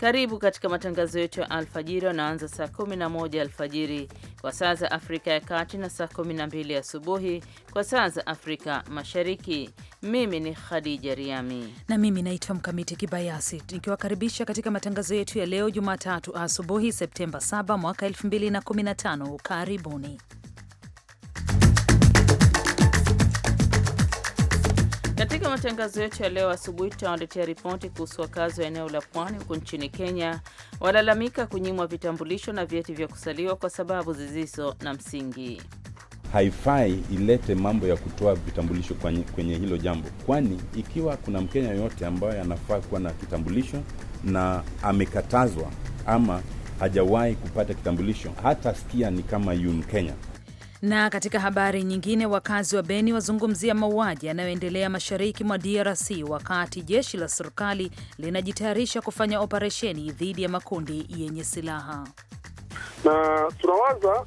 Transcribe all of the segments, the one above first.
Karibu katika matangazo yetu ya alfajiri wanaanza saa 11 alfajiri kwa saa za Afrika ya Kati na saa 12 asubuhi kwa saa za Afrika Mashariki. Mimi ni Khadija Riami na mimi naitwa Mkamiti Kibayasi, nikiwakaribisha katika matangazo yetu ya leo Jumatatu asubuhi Septemba 7 mwaka 2015. Karibuni Katika matangazo yetu ya leo asubuhi, tutawaletea ripoti kuhusu wakazi wa eneo la pwani huko nchini Kenya walalamika kunyimwa vitambulisho na vyeti vya kusaliwa kwa sababu zisizo na msingi. Haifai ilete mambo ya kutoa vitambulisho kwenye, kwenye hilo jambo, kwani ikiwa kuna Mkenya yoyote ambaye anafaa kuwa na kitambulisho na amekatazwa ama hajawahi kupata kitambulisho, hata sikia ni kama yu Mkenya. Na katika habari nyingine, wakazi wa Beni wazungumzia mauaji yanayoendelea mashariki mwa DRC wakati jeshi la serikali linajitayarisha kufanya operesheni dhidi ya makundi yenye silaha. Na tunawaza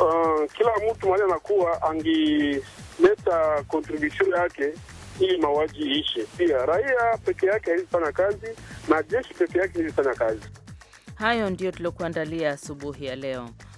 uh, kila mtu mali anakuwa angileta kontribution yake ili mauaji iishe. Pia raia peke yake haiifanya kazi na jeshi peke yake ilifanya kazi. Hayo ndiyo tuliokuandalia asubuhi ya leo.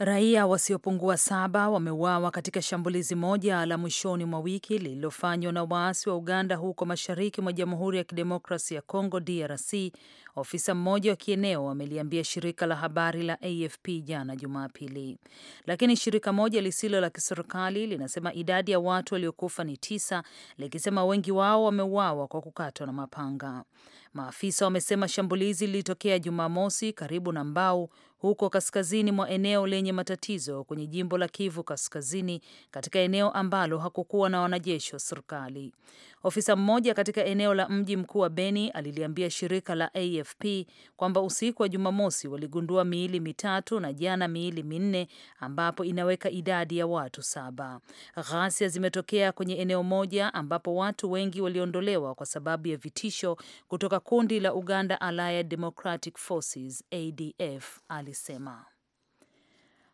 Raia wasiopungua saba wameuawa katika shambulizi moja la mwishoni mwa wiki lililofanywa na waasi wa Uganda huko mashariki mwa Jamhuri ya Kidemokrasi ya congo DRC. Ofisa mmoja wa kieneo ameliambia shirika la habari la AFP jana Jumapili, lakini shirika moja lisilo la kiserikali linasema idadi ya watu waliokufa ni tisa, likisema wengi wao wameuawa kwa kukatwa na mapanga. Maafisa wamesema shambulizi lilitokea Jumamosi karibu na mbao huko kaskazini mwa eneo lenye matatizo kwenye jimbo la Kivu Kaskazini, katika eneo ambalo hakukuwa na wanajeshi wa serikali. Ofisa mmoja katika eneo la mji mkuu wa Beni aliliambia shirika la AFP kwamba usiku wa Jumamosi waligundua miili mitatu na jana miili minne, ambapo inaweka idadi ya watu saba. Ghasia zimetokea kwenye eneo moja ambapo watu wengi waliondolewa kwa sababu ya vitisho kutoka kundi la Uganda Allied Democratic Forces ADF, alisema.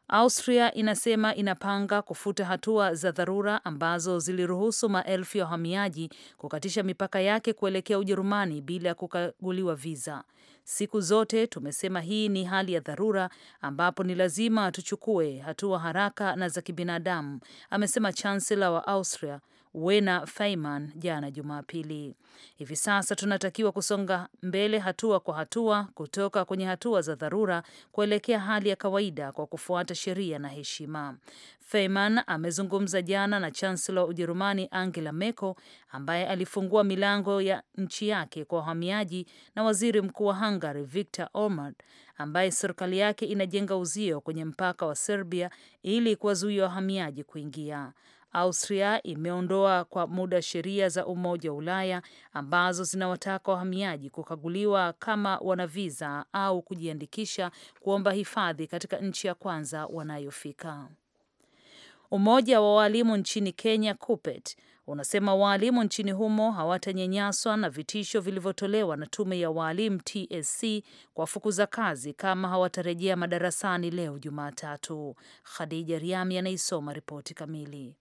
Austria inasema inapanga kufuta hatua za dharura ambazo ziliruhusu maelfu ya wahamiaji kukatisha mipaka yake kuelekea Ujerumani bila ya kukaguliwa viza. Siku zote tumesema hii ni hali ya dharura ambapo ni lazima tuchukue hatua haraka na za kibinadamu, amesema chansela wa Austria Wena feiman jana Jumapili. Hivi sasa tunatakiwa kusonga mbele hatua kwa hatua kutoka kwenye hatua za dharura kuelekea hali ya kawaida kwa kufuata sheria na heshima. feiman amezungumza jana na wa Ujerumani Angela Merkel ambaye alifungua milango ya nchi yake kwa wahamiaji na Waziri Mkuu wa Hungary Viktor Orban ambaye serikali yake inajenga uzio kwenye mpaka wa Serbia ili kuwazuia wahamiaji kuingia. Austria imeondoa kwa muda sheria za Umoja wa Ulaya ambazo zinawataka wahamiaji kukaguliwa kama wana viza au kujiandikisha kuomba hifadhi katika nchi ya kwanza wanayofika. Umoja wa waalimu nchini Kenya KUPPET unasema waalimu nchini humo hawatanyanyaswa na vitisho vilivyotolewa na tume ya waalimu TSC kwa fukuza kazi kama hawatarejea madarasani leo Jumatatu. Khadija Riami anaisoma ripoti kamili.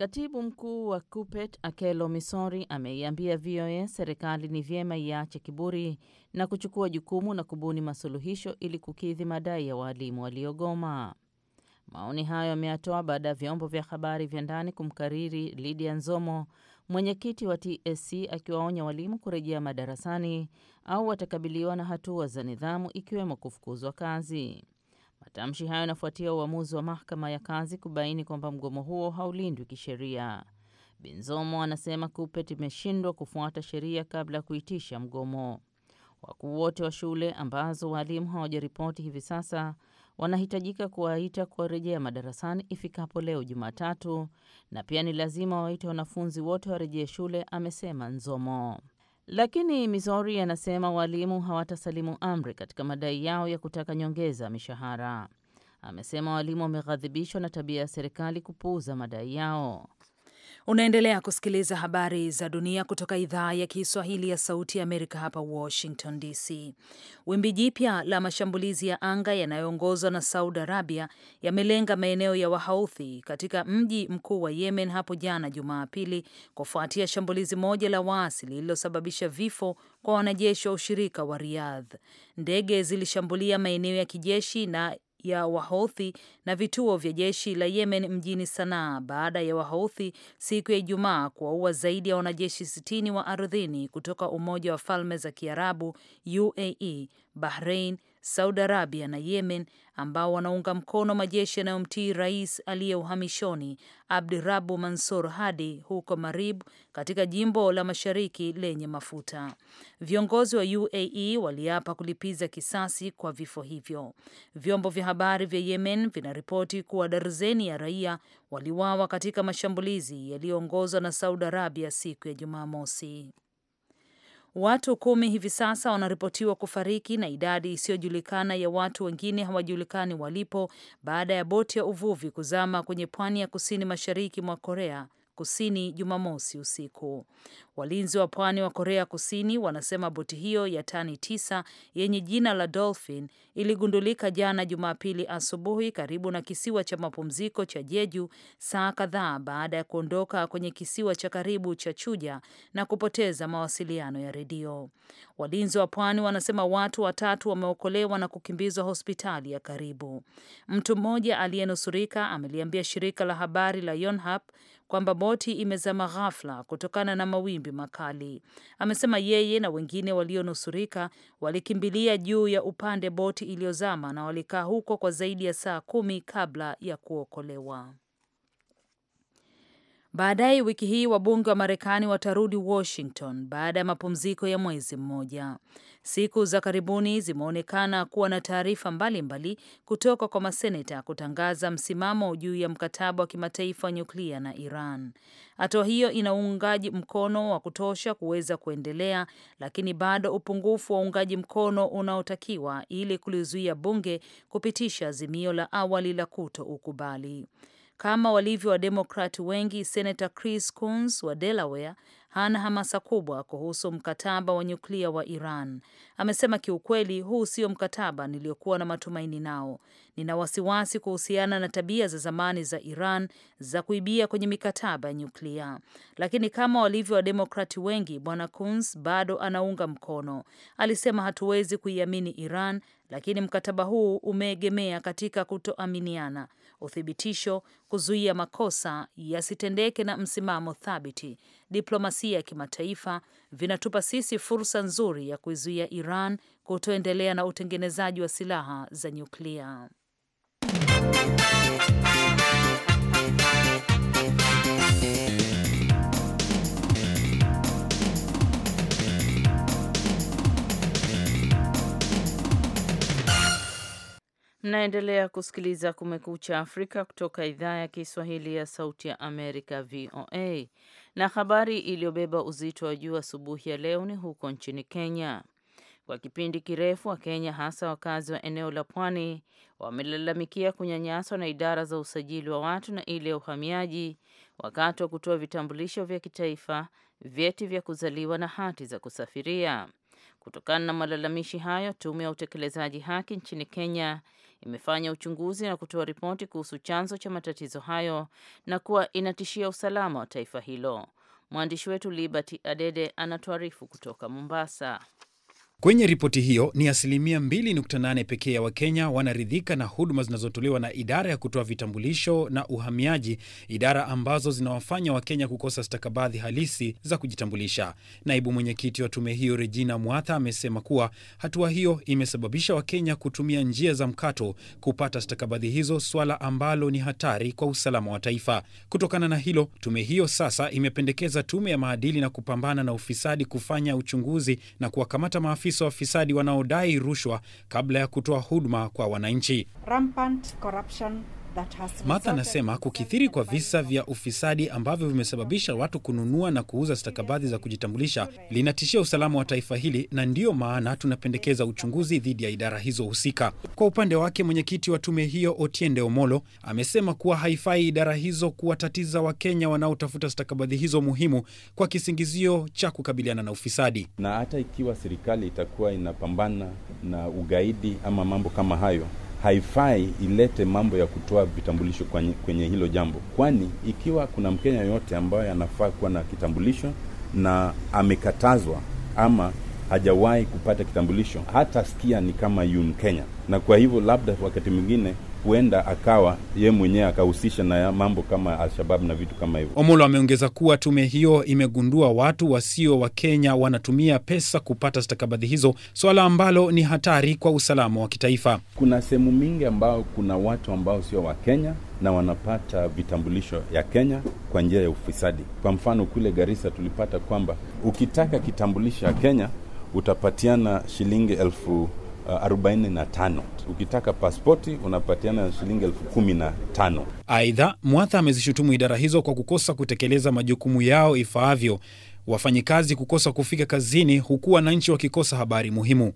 Katibu mkuu wa KUPET Akelo Misori ameiambia VOA serikali ni vyema iache kiburi na kuchukua jukumu na kubuni masuluhisho ili kukidhi madai ya waalimu waliogoma. Maoni hayo ameyatoa baada ya vyombo vya habari vya ndani kumkariri Lydia Nzomo, mwenyekiti wa TSC, akiwaonya walimu kurejea madarasani au watakabiliwa na hatua za nidhamu ikiwemo kufukuzwa kazi. Matamshi hayo yanafuatia uamuzi wa mahakama ya kazi kubaini kwamba mgomo huo haulindwi kisheria. binzomo anasema KUPET imeshindwa kufuata sheria kabla ya kuitisha mgomo. Wakuu wote wa shule ambazo waalimu hawajaripoti hivi sasa wanahitajika kuwaita kuwarejea madarasani ifikapo leo Jumatatu, na pia ni lazima wawaite wanafunzi wote warejee shule, amesema Nzomo. Lakini Mizori anasema walimu hawatasalimu amri katika madai yao ya kutaka nyongeza mishahara. Amesema walimu wameghadhibishwa na tabia ya serikali kupuuza madai yao. Unaendelea kusikiliza habari za dunia kutoka idhaa ya Kiswahili ya Sauti ya Amerika hapa Washington DC. Wimbi jipya la mashambulizi ya anga yanayoongozwa na Saudi Arabia yamelenga maeneo ya wahauthi katika mji mkuu wa Yemen hapo jana Jumapili, kufuatia shambulizi moja la waasi lililosababisha vifo kwa wanajeshi wa ushirika wa Riyadh. Ndege zilishambulia maeneo ya kijeshi na ya Wahouthi na vituo vya jeshi la Yemen mjini Sanaa baada ya Wahouthi siku ya Ijumaa kuwaua zaidi ya wanajeshi 60 wa ardhini kutoka Umoja wa Falme za Kiarabu UAE, Bahrain, Saudi Arabia na Yemen ambao wanaunga mkono majeshi yanayomtii rais aliye uhamishoni Abdurabu Mansur Hadi huko Marib katika jimbo la mashariki lenye mafuta. Viongozi wa UAE waliapa kulipiza kisasi kwa vifo hivyo. Vyombo vya habari vya Yemen vinaripoti kuwa darzeni ya raia waliwawa katika mashambulizi yaliyoongozwa na Saudi Arabia siku ya Jumamosi. Watu kumi hivi sasa wanaripotiwa kufariki na idadi isiyojulikana ya watu wengine hawajulikani walipo baada ya boti ya uvuvi kuzama kwenye pwani ya kusini mashariki mwa Korea Kusini Jumamosi usiku. Walinzi wa pwani wa Korea Kusini wanasema boti hiyo ya tani tisa yenye jina la Dolphin iligundulika jana Jumapili asubuhi karibu na kisiwa cha mapumziko cha Jeju saa kadhaa baada ya kuondoka kwenye kisiwa cha karibu cha Chuja na kupoteza mawasiliano ya redio. Walinzi wa pwani wanasema watu watatu wameokolewa na kukimbizwa hospitali ya karibu. Mtu mmoja aliyenusurika ameliambia shirika la habari la Yonhap kwamba boti imezama ghafla kutokana na mawimbi mawimbi makali. Amesema yeye na wengine walionusurika walikimbilia juu ya upande boti iliyozama na walikaa huko kwa zaidi ya saa kumi kabla ya kuokolewa. Baadaye wiki hii wabunge wa Marekani watarudi Washington baada ya mapumziko ya mwezi mmoja. Siku za karibuni zimeonekana kuwa na taarifa mbalimbali kutoka kwa maseneta kutangaza msimamo juu ya mkataba wa kimataifa wa nyuklia na Iran. Hatua hiyo ina uungaji mkono wa kutosha kuweza kuendelea, lakini bado upungufu wa uungaji mkono unaotakiwa ili kulizuia bunge kupitisha azimio la awali la kuto ukubali. Kama walivyo wademokrati wengi, Senata Chris Coons wa Delaware hana hamasa kubwa kuhusu mkataba wa nyuklia wa Iran. Amesema kiukweli, huu sio mkataba niliokuwa na matumaini nao. Nina wasiwasi kuhusiana na tabia za zamani za Iran za kuibia kwenye mikataba ya nyuklia, lakini kama walivyo wademokrati wengi, bwana Coons bado anaunga mkono. Alisema hatuwezi kuiamini Iran, lakini mkataba huu umeegemea katika kutoaminiana uthibitisho, kuzuia makosa yasitendeke na msimamo thabiti, diplomasia ya kimataifa vinatupa sisi fursa nzuri ya kuizuia Iran kutoendelea na utengenezaji wa silaha za nyuklia. Mnaendelea kusikiliza Kumekucha Afrika kutoka idhaa ya Kiswahili ya Sauti ya Amerika, VOA. Na habari iliyobeba uzito wa juu asubuhi ya leo ni huko nchini Kenya. Kwa kipindi kirefu, Wakenya hasa wakazi wa eneo la pwani wamelalamikia kunyanyaswa na idara za usajili wa watu na ile ya uhamiaji wakati wa kutoa vitambulisho vya kitaifa, vyeti vya kuzaliwa na hati za kusafiria. Kutokana na malalamishi hayo, tume ya utekelezaji haki nchini Kenya imefanya uchunguzi na kutoa ripoti kuhusu chanzo cha matatizo hayo na kuwa inatishia usalama wa taifa hilo. Mwandishi wetu Liberty Adede anatuarifu kutoka Mombasa. Kwenye ripoti hiyo ni asilimia 2.8 pekee ya Wakenya wanaridhika na huduma zinazotolewa na idara ya kutoa vitambulisho na uhamiaji, idara ambazo zinawafanya Wakenya kukosa stakabadhi halisi za kujitambulisha. Naibu mwenyekiti wa tume hiyo Regina Mwatha amesema kuwa hatua hiyo imesababisha Wakenya kutumia njia za mkato kupata stakabadhi hizo, swala ambalo ni hatari kwa usalama wa taifa. Kutokana na hilo, tume hiyo sasa imependekeza tume ya maadili na kupambana na ufisadi kufanya uchunguzi na kuwakamata maafisa maafisa wafisadi wanaodai rushwa kabla ya kutoa huduma kwa wananchi. Rampant corruption Martha anasema kukithiri kwa visa vya ufisadi ambavyo vimesababisha watu kununua na kuuza stakabadhi za kujitambulisha linatishia usalama wa taifa hili, na ndiyo maana tunapendekeza uchunguzi dhidi ya idara hizo husika. Kwa upande wake, mwenyekiti wa tume hiyo Otiende Omolo amesema kuwa haifai idara hizo kuwatatiza Wakenya wanaotafuta stakabadhi hizo muhimu kwa kisingizio cha kukabiliana na ufisadi. Na hata ikiwa serikali itakuwa inapambana na ugaidi ama mambo kama hayo haifai ilete mambo ya kutoa vitambulisho kwenye, kwenye hilo jambo, kwani ikiwa kuna Mkenya yote ambaye anafaa kuwa na kitambulisho na amekatazwa ama hajawahi kupata kitambulisho, hata sikia ni kama yu Mkenya, na kwa hivyo labda wakati mwingine huenda akawa ye mwenyewe akahusisha na mambo kama Alshabab na vitu kama hivyo. Omolo ameongeza kuwa tume hiyo imegundua watu wasio wa Kenya wanatumia pesa kupata stakabadhi hizo, swala ambalo ni hatari kwa usalama wa kitaifa. Kuna sehemu mingi ambao kuna watu ambao sio wa Kenya na wanapata vitambulisho ya Kenya kwa njia ya ufisadi. Kwa mfano kule garisa tulipata kwamba ukitaka kitambulisho ya Kenya utapatiana shilingi elfu 45. Uh, Ukitaka paspoti unapatiana shilingi elfu kumi na tano. Aidha, Mwatha amezishutumu idara hizo kwa kukosa kutekeleza majukumu yao ifaavyo wafanyikazi kukosa kufika kazini, huku wananchi wakikosa habari muhimu.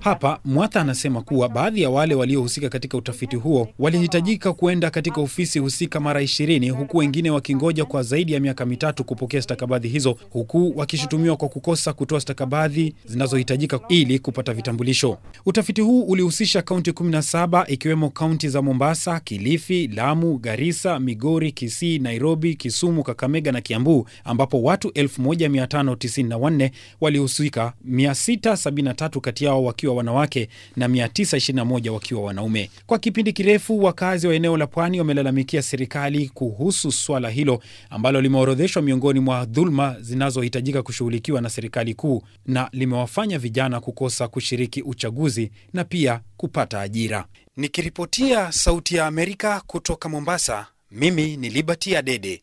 Hapa Mwatha anasema kuwa baadhi ya wale waliohusika katika utafiti huo walihitajika kuenda katika ofisi husika mara ishirini, huku wengine wakingoja kwa zaidi ya miaka mitatu kupokea stakabadhi hizo, huku wakishutumiwa kwa kukosa kutoa stakabadhi zinazohitajika ili kupata vitambulisho. Utafiti huu ulihusisha kaunti 17 ikiwemo kaunti za Mombasa, Kilifi, Lamu, Garissa, Migori, Kisii, Nairobi, Kisumu, Kakamega na Kiambu ambapo watu 1594 walihusika, 673 kati yao wakiwa wanawake na 921 wakiwa wanaume. Kwa kipindi kirefu, wakazi wa eneo la pwani wamelalamikia serikali kuhusu swala hilo ambalo limeorodheshwa miongoni mwa dhuluma zinazohitajika kushughulikiwa na serikali kuu na limewafanya vijana kukosa kushiriki uchaguzi na pia kupata ajira. Nikiripotia Sauti ya Amerika kutoka Mombasa, mimi ni Liberty Adede.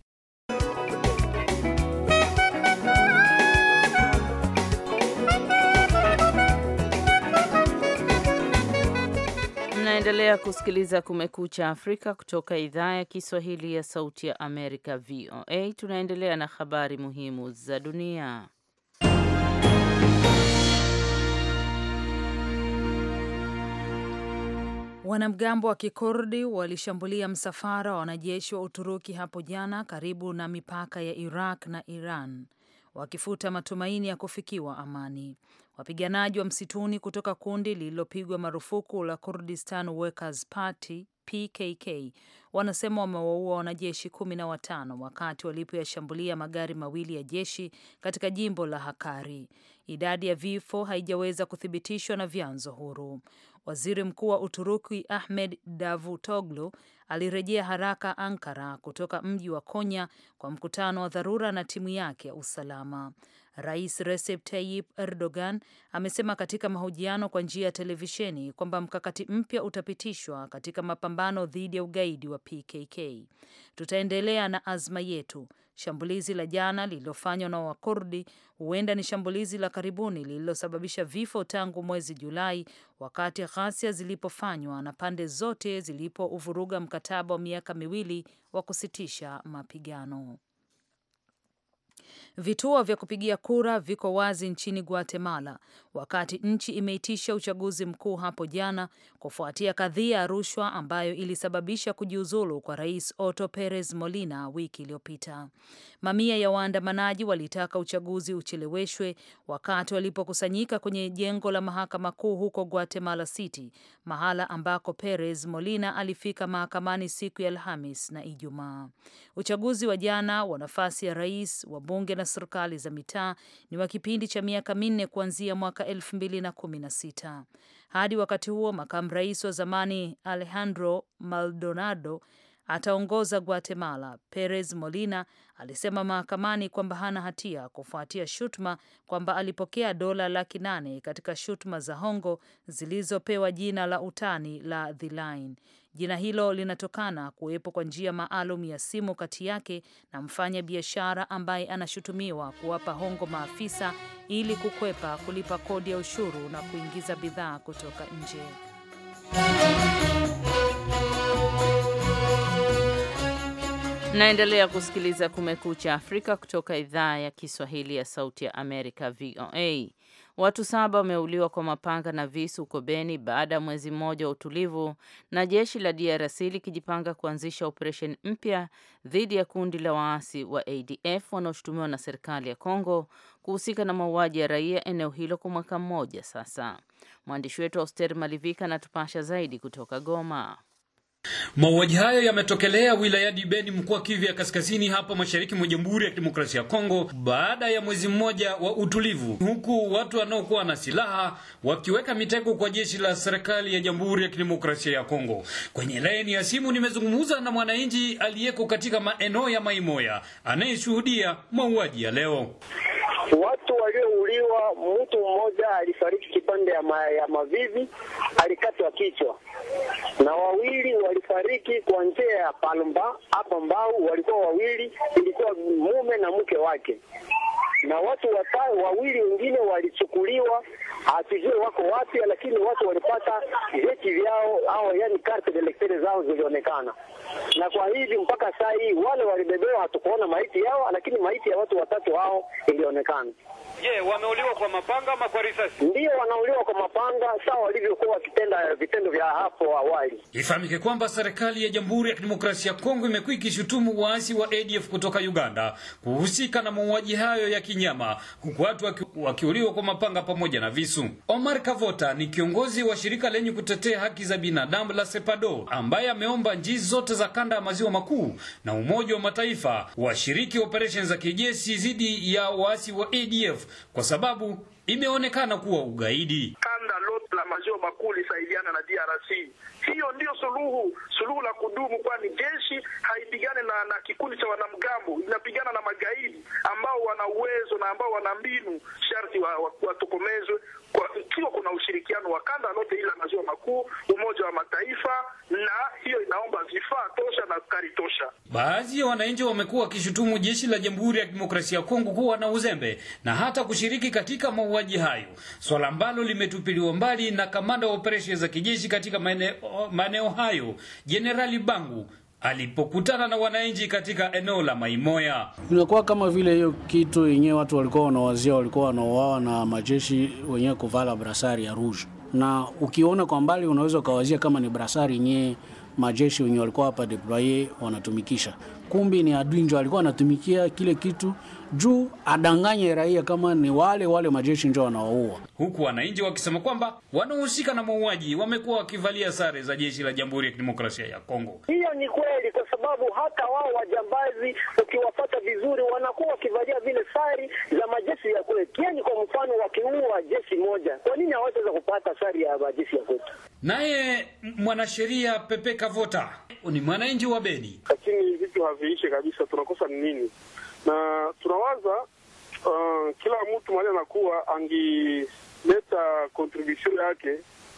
Unaendelea kusikiliza Kumekucha Afrika kutoka idhaa ya Kiswahili ya Sauti ya Amerika, VOA. Tunaendelea na habari muhimu za dunia. Wanamgambo wa Kikurdi walishambulia msafara wa wanajeshi wa Uturuki hapo jana karibu na mipaka ya Iraq na Iran wakifuta matumaini ya kufikiwa amani. Wapiganaji wa msituni kutoka kundi lililopigwa marufuku la Kurdistan Workers Party PKK wanasema wamewaua wanajeshi kumi na watano wakati walipoyashambulia magari mawili ya jeshi katika jimbo la Hakari. Idadi ya vifo haijaweza kuthibitishwa na vyanzo huru. Waziri Mkuu wa Uturuki Ahmed Davutoglu alirejea haraka Ankara kutoka mji wa Konya kwa mkutano wa dharura na timu yake ya usalama. Rais Recep Tayyip Erdogan amesema katika mahojiano kwa njia ya televisheni kwamba mkakati mpya utapitishwa katika mapambano dhidi ya ugaidi wa PKK. Tutaendelea na azma yetu. Shambulizi la jana lililofanywa na Wakurdi huenda ni shambulizi la karibuni lililosababisha vifo tangu mwezi Julai, wakati ghasia zilipofanywa na pande zote zilipouvuruga mkataba wa miaka miwili wa kusitisha mapigano. Vituo vya kupigia kura viko wazi nchini Guatemala wakati nchi imeitisha uchaguzi mkuu hapo jana kufuatia kadhia ya rushwa ambayo ilisababisha kujiuzulu kwa Rais Otto Perez Molina wiki iliyopita. Mamia ya waandamanaji walitaka uchaguzi ucheleweshwe wakati walipokusanyika kwenye jengo la mahakama kuu huko Guatemala City, mahala ambako Perez Molina alifika mahakamani siku ya Alhamis na Ijumaa. Uchaguzi wa jana wa nafasi ya rais, wabunge na serikali za mitaa ni wa kipindi cha miaka minne kuanzia mwaka elfu mbili na kumi na sita. Hadi wakati huo, makamu rais wa zamani Alejandro Maldonado ataongoza Guatemala. Perez Molina alisema mahakamani kwamba hana hatia kufuatia shutuma kwamba alipokea dola laki nane katika shutuma za hongo zilizopewa jina la utani la The Line. Jina hilo linatokana kuwepo kwa njia maalum ya simu kati yake na mfanya biashara ambaye anashutumiwa kuwapa hongo maafisa ili kukwepa kulipa kodi ya ushuru na kuingiza bidhaa kutoka nje. Naendelea kusikiliza Kumekucha Afrika kutoka idhaa ya Kiswahili ya Sauti ya Amerika, VOA. Watu saba wameuliwa kwa mapanga na visu huko Beni baada ya mwezi mmoja wa utulivu na jeshi la DRC likijipanga kuanzisha operesheni mpya dhidi ya kundi la waasi wa ADF wanaoshutumiwa na serikali ya Kongo kuhusika na mauaji ya raia eneo hilo kwa mwaka mmoja sasa. Mwandishi wetu Auster Malivika anatupasha zaidi kutoka Goma. Mauaji hayo yametokelea wilayani Beni, mkoa Kivu ya Kaskazini, hapa mashariki mwa Jamhuri ya Kidemokrasia ya Kongo, baada ya mwezi mmoja wa utulivu, huku watu wanaokuwa na silaha wakiweka mitego kwa jeshi la serikali ya Jamhuri ya Kidemokrasia ya Kongo. Kwenye laini ya simu nimezungumza na mwananchi aliyeko katika maeneo ya Maimoya anayeshuhudia mauaji ya leo watu waliouliwa, mtu mmoja alifariki kipande ya, ma, ya mavivi alikatwa kichwa, na wawili walifariki kwa njia ya palmba hapa Mbau, walikuwa wawili, ilikuwa mume na mke wake, na watu watao wawili wengine walichukuliwa hatujue wako wapi, lakini watu walipata vyeti vyao au yani carte d'electeur zao zilionekana, na kwa hivi mpaka saa hii wale walibebewa hatukuona maiti yao, lakini maiti ya watu watatu hao ilionekana. Je, yeah, wameuliwa kwa mapanga ama kwa risasi? Ndio, wanauliwa kwa mapanga sawa walivyokuwa wakitenda vitendo vya hapo awali. Ifahamike kwamba serikali ya Jamhuri ya Kidemokrasia ya Kongo imekuwa ikishutumu waasi wa ADF kutoka Uganda kuhusika na mauaji hayo ya kinyama, huku watu wakiuliwa kwa mapanga pamoja na visu kuhusu. Omar Kavota ni kiongozi wa shirika lenye kutetea haki za binadamu la Sepado, ambaye ameomba njii zote za kanda ya maziwa makuu na Umoja wa Mataifa washiriki operesheni za kijeshi dhidi ya waasi wa ADF kwa sababu imeonekana kuwa ugaidi. Kanda lote la maziwa makuu lisaidiana na DRC. Hiyo ndiyo suluhu, suluhu la kudumu, kwani jeshi haipigane na, na kikundi cha wanamgambo, inapigana na magaidi ambao wana uwezo na ambao wana mbinu, sharti watokomezwe wa, wa kwa ikiwa kuna ushirikiano wa kanda lote ila maziwa makuu, Umoja wa Mataifa, na hiyo inaomba vifaa tosha na askari tosha. Baadhi ya wananchi wamekuwa wakishutumu jeshi la Jamhuri ya Kidemokrasia ya Kongo kuwa na uzembe na hata kushiriki katika mauaji hayo, swala ambalo limetupiliwa mbali na kamanda wa operesheni za kijeshi katika maeneo hayo Jenerali Bangu alipokutana na wananchi katika eneo la Maimoya. Inakuwa kama vile hiyo kitu yenyewe watu walikuwa wanawazia, walikuwa wanaoawa na majeshi wenyewe kuvala brasari ya rouge, na ukiona kwa mbali unaweza ukawazia kama ni brasari yenyewe majeshi wenyewe walikuwa hapa deploye wanatumikisha, kumbi ni adui ndio alikuwa anatumikia kile kitu juu adanganye raia kama ni wale wale majeshi ndio wanaoua, huku wananchi wakisema kwamba wanaohusika na mauaji wamekuwa wakivalia sare za jeshi la Jamhuri ya Kidemokrasia ya Kongo. Hiyo ni kweli, kwa sababu hata wao wajambazi ukiwapata vizuri wanakuwa wakivalia vile sare za majeshi ya kwetu. Yani kwa mfano, wakiua jeshi moja, kwa nini hawataweza kupata sare ya majeshi ya kwetu? Naye mwanasheria Pepe Kavota ni mwananchi wa Beni. Lakini vitu haviishi kabisa, tunakosa nini? na tunawaza uh, kila mtu mali anakuwa angileta kontribution yake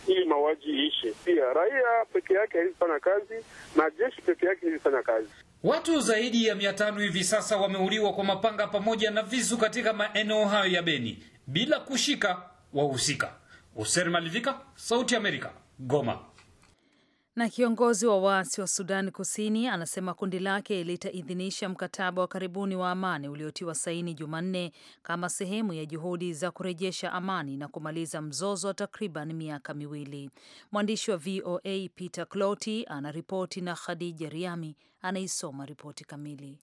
ili mauaji ishe. Pia raia peke yake haizifanya kazi na jeshi peke yake haizifanya kazi. Watu zaidi ya mia tano hivi sasa wameuliwa kwa mapanga pamoja na visu katika maeneo hayo ya Beni bila kushika wahusika. Oser Malivika, Sauti Amerika, Goma. Na kiongozi wa waasi wa Sudan Kusini anasema kundi lake litaidhinisha mkataba wa karibuni wa amani uliotiwa saini Jumanne kama sehemu ya juhudi za kurejesha amani na kumaliza mzozo wa takriban miaka miwili. Mwandishi wa VOA Peter Cloti anaripoti na Khadija Riami anaisoma ripoti kamili.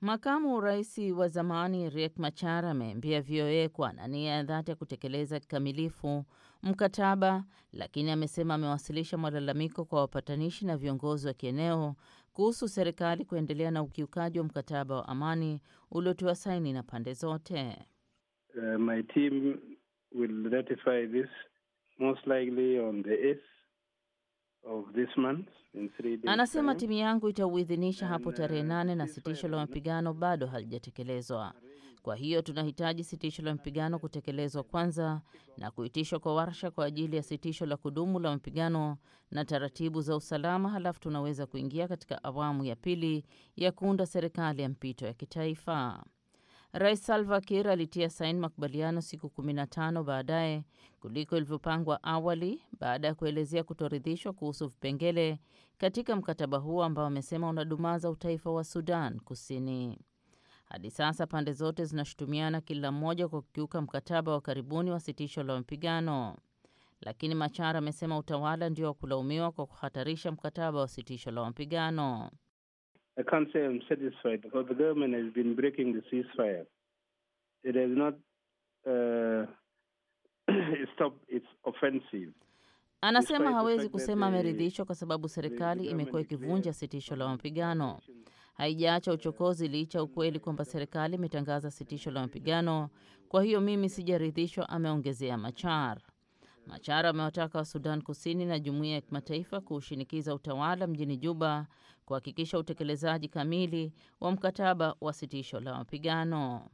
Makamu rais wa zamani Riek Machar ameambia VOA kuwa ana nia ya dhati ya kutekeleza kikamilifu mkataba, lakini amesema amewasilisha malalamiko kwa wapatanishi na viongozi wa kieneo kuhusu serikali kuendelea na ukiukaji wa mkataba wa amani uliotiwa saini na pande zote. Uh, my team will ratify this most likely on the 8th of this month in three days. Anasema timu yangu itauidhinisha hapo uh, tarehe nane na sitisho la mapigano bado halijatekelezwa. Kwa hiyo tunahitaji sitisho la mapigano kutekelezwa kwanza na kuitishwa kwa warsha kwa ajili ya sitisho la kudumu la mapigano na taratibu za usalama, halafu tunaweza kuingia katika awamu ya pili ya kuunda serikali ya mpito ya kitaifa. Rais Salva Kiir alitia saini makubaliano siku 15 baadaye kuliko ilivyopangwa awali baada ya kuelezea kutoridhishwa kuhusu vipengele katika mkataba huo ambao amesema unadumaza utaifa wa Sudan Kusini. Hadi sasa pande zote zinashutumiana kila mmoja kwa kukiuka mkataba wa karibuni wa sitisho la mapigano, lakini Machar amesema utawala ndio wa kulaumiwa kwa kuhatarisha mkataba wa sitisho la mapigano. Uh, Anasema hawezi kusema ameridhishwa kwa sababu serikali imekuwa ikivunja sitisho la mapigano haijaacha uchokozi licha ukweli kwamba serikali imetangaza sitisho la mapigano. Kwa hiyo mimi sijaridhishwa, ameongezea Machar. Machar amewataka wa Sudan Kusini na jumuiya ya kimataifa kuushinikiza utawala mjini Juba kuhakikisha utekelezaji kamili wa mkataba wa sitisho la mapigano.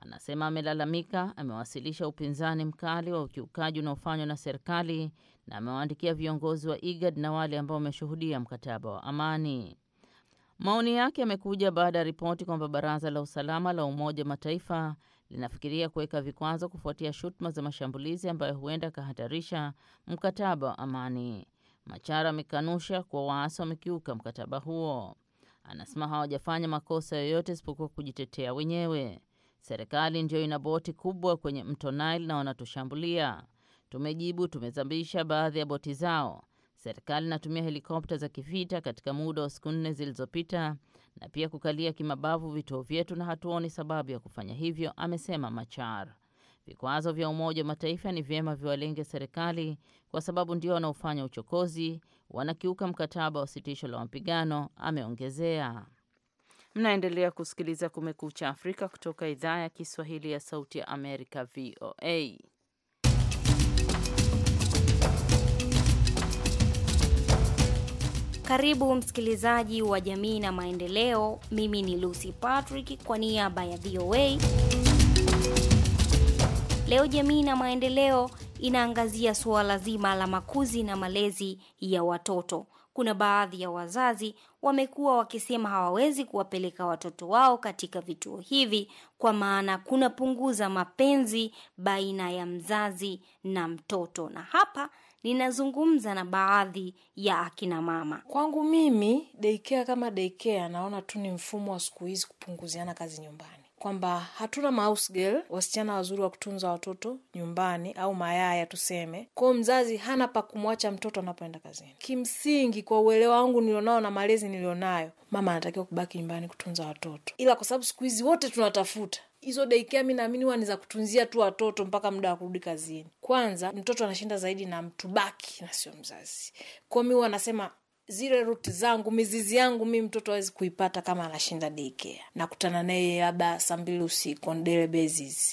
Anasema amelalamika, amewasilisha upinzani mkali wa ukiukaji unaofanywa na serikali na amewaandikia viongozi wa IGAD na wale ambao wameshuhudia mkataba wa amani. Maoni yake yamekuja baada ya ripoti kwamba baraza la usalama la Umoja Mataifa linafikiria kuweka vikwazo kufuatia shutuma za mashambulizi ambayo huenda akahatarisha mkataba wa amani. Machar amekanusha kuwa waasi wamekiuka mkataba huo. Anasema hawajafanya makosa yoyote isipokuwa kujitetea wenyewe. Serikali ndiyo ina boti kubwa kwenye mto Nile na wanatushambulia. Tumejibu, tumezambisha baadhi ya boti zao, Serikali inatumia helikopta za kivita katika muda wa siku nne zilizopita na pia kukalia kimabavu vituo vyetu na hatuoni sababu ya kufanya hivyo, amesema Machar. Vikwazo vya Umoja wa Mataifa ni vyema viwalenge serikali kwa sababu ndio wanaofanya uchokozi, wanakiuka mkataba wa sitisho la mapigano, ameongezea. Mnaendelea kusikiliza Kumekucha Afrika kutoka idhaa ya Kiswahili ya Sauti ya Amerika, VOA. Karibu msikilizaji wa Jamii na Maendeleo. Mimi ni Lucy Patrick kwa niaba ya VOA. Leo Jamii na Maendeleo inaangazia suala zima la makuzi na malezi ya watoto. Kuna baadhi ya wazazi wamekuwa wakisema hawawezi kuwapeleka watoto wao katika vituo hivi kwa maana kunapunguza mapenzi baina ya mzazi na mtoto, na hapa ninazungumza na baadhi ya akina mama. Kwangu mimi deikea kama deikea, naona tu ni mfumo wa siku hizi kupunguziana kazi nyumbani kwamba hatuna house girl, wasichana wazuri wa kutunza watoto nyumbani au mayaya tuseme. Kwao mzazi hana pa kumwacha mtoto anapoenda kazini. Kimsingi, kwa uelewa wangu nilionao na malezi nilionayo, mama anatakiwa kubaki nyumbani kutunza watoto, ila kwa sababu siku hizi wote tunatafuta hizo deikea mi naamini huwa ni za kutunzia tu watoto mpaka muda wa kurudi kazini. Kwanza mtoto anashinda zaidi na mtu baki na sio mzazi. kwao mi huwa anasema zile ruti zangu mizizi yangu mi mtoto awezi kuipata kama anashinda daycare, nakutana naye labda saa mbili usiku on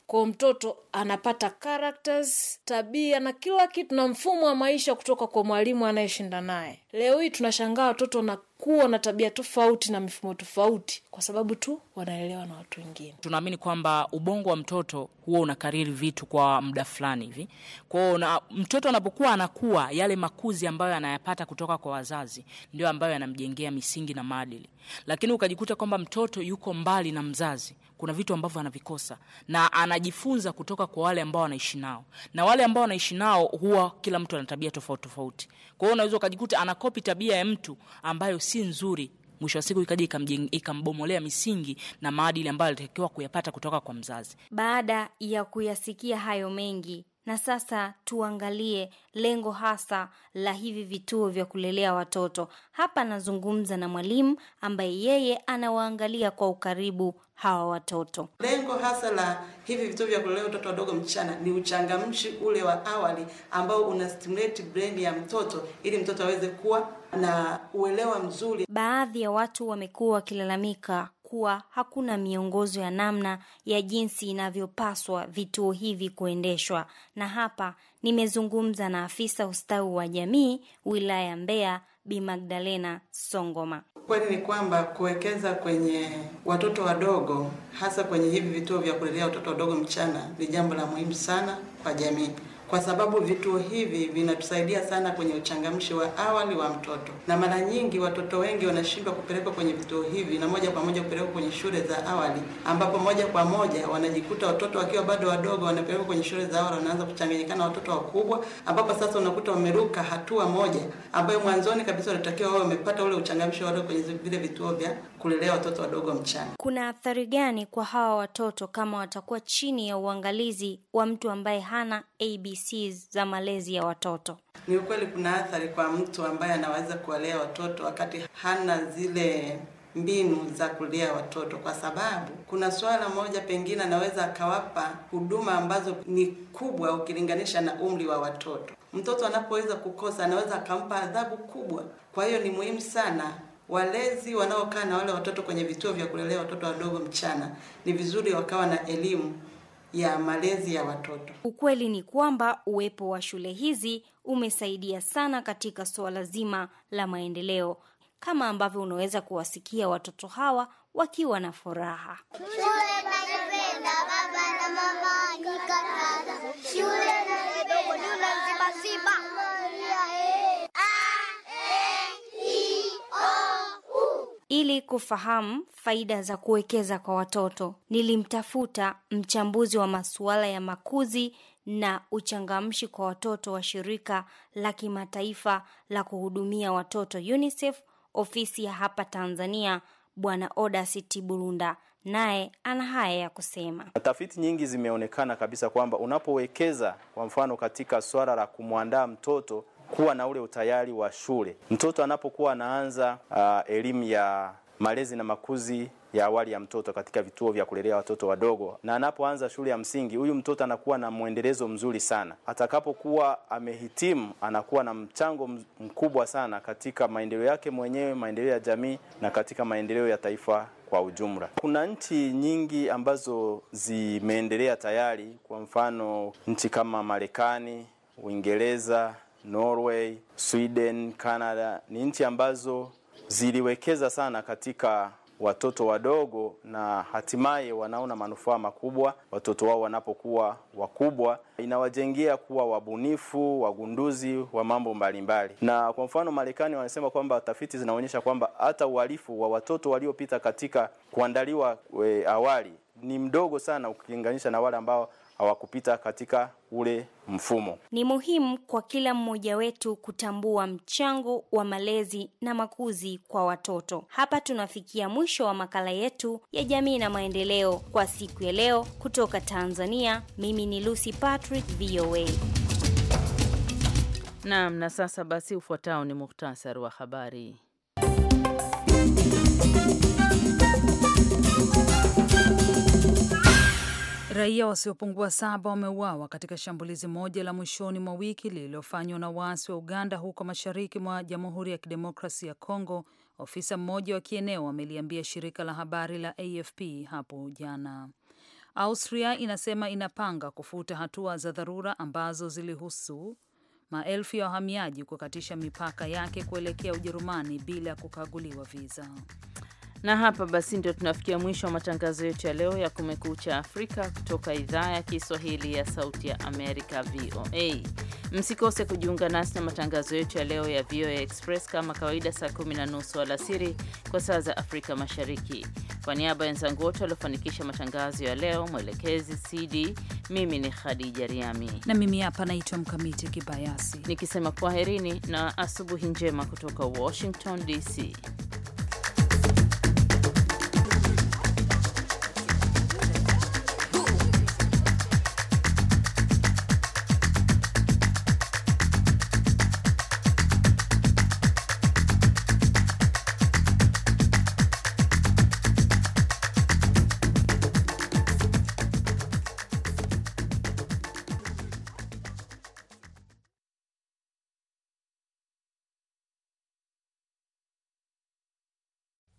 Kwao mtoto anapata characters, tabia na kila kitu na mfumo wa maisha kutoka kwa mwalimu anayeshinda naye. Leo hii tunashangaa watoto na kuwa na tabia tofauti na mifumo tofauti, kwa sababu tu wanaelewa na watu wengine. Tunaamini kwamba ubongo wa mtoto huwa unakariri vitu kwa muda fulani hivi. Kwao na mtoto anapokuwa anakuwa, yale makuzi ambayo anayapata kutoka kwa wazazi ndio ambayo yanamjengea misingi na maadili, lakini ukajikuta kwamba mtoto yuko mbali na mzazi, kuna vitu ambavyo anavikosa na anajifunza kutoka kwa wale ambao wanaishi nao, na wale ambao anaishi nao huwa kila mtu ana tabia tofauti tofauti. Kwa hiyo unaweza ukajikuta anakopi tabia ya mtu ambayo si nzuri, mwisho wa siku ikaja ikambomolea misingi na maadili ambayo alitakiwa kuyapata kutoka kwa mzazi. Baada ya kuyasikia hayo mengi na sasa tuangalie lengo hasa la hivi vituo vya kulelea watoto. Hapa anazungumza na mwalimu ambaye yeye anawaangalia kwa ukaribu hawa watoto. Lengo hasa la hivi vituo vya kulelea watoto wadogo mchana ni uchangamshi ule wa awali ambao una stimulate brain ya mtoto ili mtoto aweze kuwa na uelewa mzuri. Baadhi ya watu wamekuwa wakilalamika kuwa hakuna miongozo ya namna ya jinsi inavyopaswa vituo hivi kuendeshwa, na hapa nimezungumza na afisa ustawi wa jamii wilaya Mbeya Bi Magdalena Songoma. Kweli ni kwamba kuwekeza kwenye watoto wadogo, hasa kwenye hivi vituo vya kulelea watoto wadogo mchana, ni jambo la muhimu sana kwa jamii kwa sababu vituo hivi vinatusaidia sana kwenye uchangamshi wa awali wa mtoto, na mara nyingi watoto wengi wanashindwa kupelekwa kwenye vituo hivi na moja kwa moja kupelekwa kwenye shule za awali, ambapo moja kwa moja wanajikuta watoto wakiwa bado wadogo wanapelekwa kwenye shule za awali, wanaanza kuchanganyikana watoto wakubwa, ambapo sasa unakuta wameruka hatua moja ambayo mwanzoni kabisa wanatakiwa wao wamepata ule uchangamshi wao kwenye vile vituo vya kulelea watoto wadogo mchana. Kuna athari gani kwa hawa watoto kama watakuwa chini ya uangalizi wa mtu ambaye hana ABC za malezi ya watoto? Ni ukweli kuna athari kwa mtu ambaye anaweza kuwalea watoto wakati hana zile mbinu za kulea watoto, kwa sababu kuna swala moja, pengine anaweza akawapa huduma ambazo ni kubwa ukilinganisha na umri wa watoto. Mtoto anapoweza kukosa, anaweza akampa adhabu kubwa. Kwa hiyo ni muhimu sana walezi wanaokaa na wale watoto kwenye vituo vya kulelea watoto wadogo mchana, ni vizuri wakawa na elimu ya malezi ya watoto. Ukweli ni kwamba uwepo wa shule hizi umesaidia sana katika suala zima la maendeleo, kama ambavyo unaweza kuwasikia watoto hawa wakiwa na furaha. Shule naipenda, baba na mama nikataza. Shule na ili kufahamu faida za kuwekeza kwa watoto. Nilimtafuta mchambuzi wa masuala ya makuzi na uchangamshi kwa watoto wa shirika la kimataifa la kuhudumia watoto UNICEF ofisi ya hapa Tanzania, Bwana Odasi Tiburunda naye ana haya ya kusema. Tafiti nyingi zimeonekana kabisa kwamba unapowekeza kwa mfano katika swala la kumwandaa mtoto kuwa na ule utayari wa shule. Mtoto anapokuwa anaanza uh, elimu ya malezi na makuzi ya awali ya mtoto katika vituo vya kulelea watoto wadogo, na anapoanza shule ya msingi, huyu mtoto anakuwa na mwendelezo mzuri sana. Atakapokuwa amehitimu, anakuwa na mchango mkubwa sana katika maendeleo yake mwenyewe, maendeleo ya jamii na katika maendeleo ya taifa kwa ujumla. Kuna nchi nyingi ambazo zimeendelea tayari, kwa mfano nchi kama Marekani, Uingereza Norway, Sweden, Canada ni nchi ambazo ziliwekeza sana katika watoto wadogo na hatimaye wanaona manufaa makubwa watoto wao wanapokuwa wakubwa. Inawajengea kuwa wabunifu, wagunduzi wa mambo mbalimbali. Na kwa mfano, Marekani wanasema kwamba tafiti zinaonyesha kwamba hata uhalifu wa watoto waliopita katika kuandaliwa eh, awali ni mdogo sana ukilinganisha na wale ambao hawakupita katika ule mfumo. Ni muhimu kwa kila mmoja wetu kutambua mchango wa malezi na makuzi kwa watoto. Hapa tunafikia mwisho wa makala yetu ya jamii na maendeleo kwa siku ya leo kutoka Tanzania. Mimi ni Lucy Patrick, VOA. Naam, na sasa basi ufuatao ni muhtasari wa habari. Raia wasiopungua saba wameuawa katika shambulizi moja la mwishoni mwa wiki lililofanywa na waasi wa Uganda huko mashariki mwa Jamhuri ya Kidemokrasi ya Kongo. Ofisa mmoja wa kieneo ameliambia shirika la habari la AFP hapo jana. Austria inasema inapanga kufuta hatua za dharura ambazo zilihusu maelfu ya wahamiaji kukatisha mipaka yake kuelekea Ujerumani bila kukaguliwa viza. Na hapa basi ndio tunafikia mwisho wa matangazo yetu ya leo ya Kumekucha Afrika kutoka idhaa ya Kiswahili ya Sauti ya Amerika, VOA. Msikose kujiunga nasi na matangazo yetu ya leo ya VOA Express kama kawaida, saa kumi na nusu alasiri kwa saa za Afrika Mashariki. Kwa niaba ya wenzangu wote waliofanikisha matangazo ya leo, mwelekezi CD, mimi ni Khadija Riami na mimi hapa naitwa Mkamiti Kibayasi nikisema kwaherini na asubuhi njema kutoka Washington DC.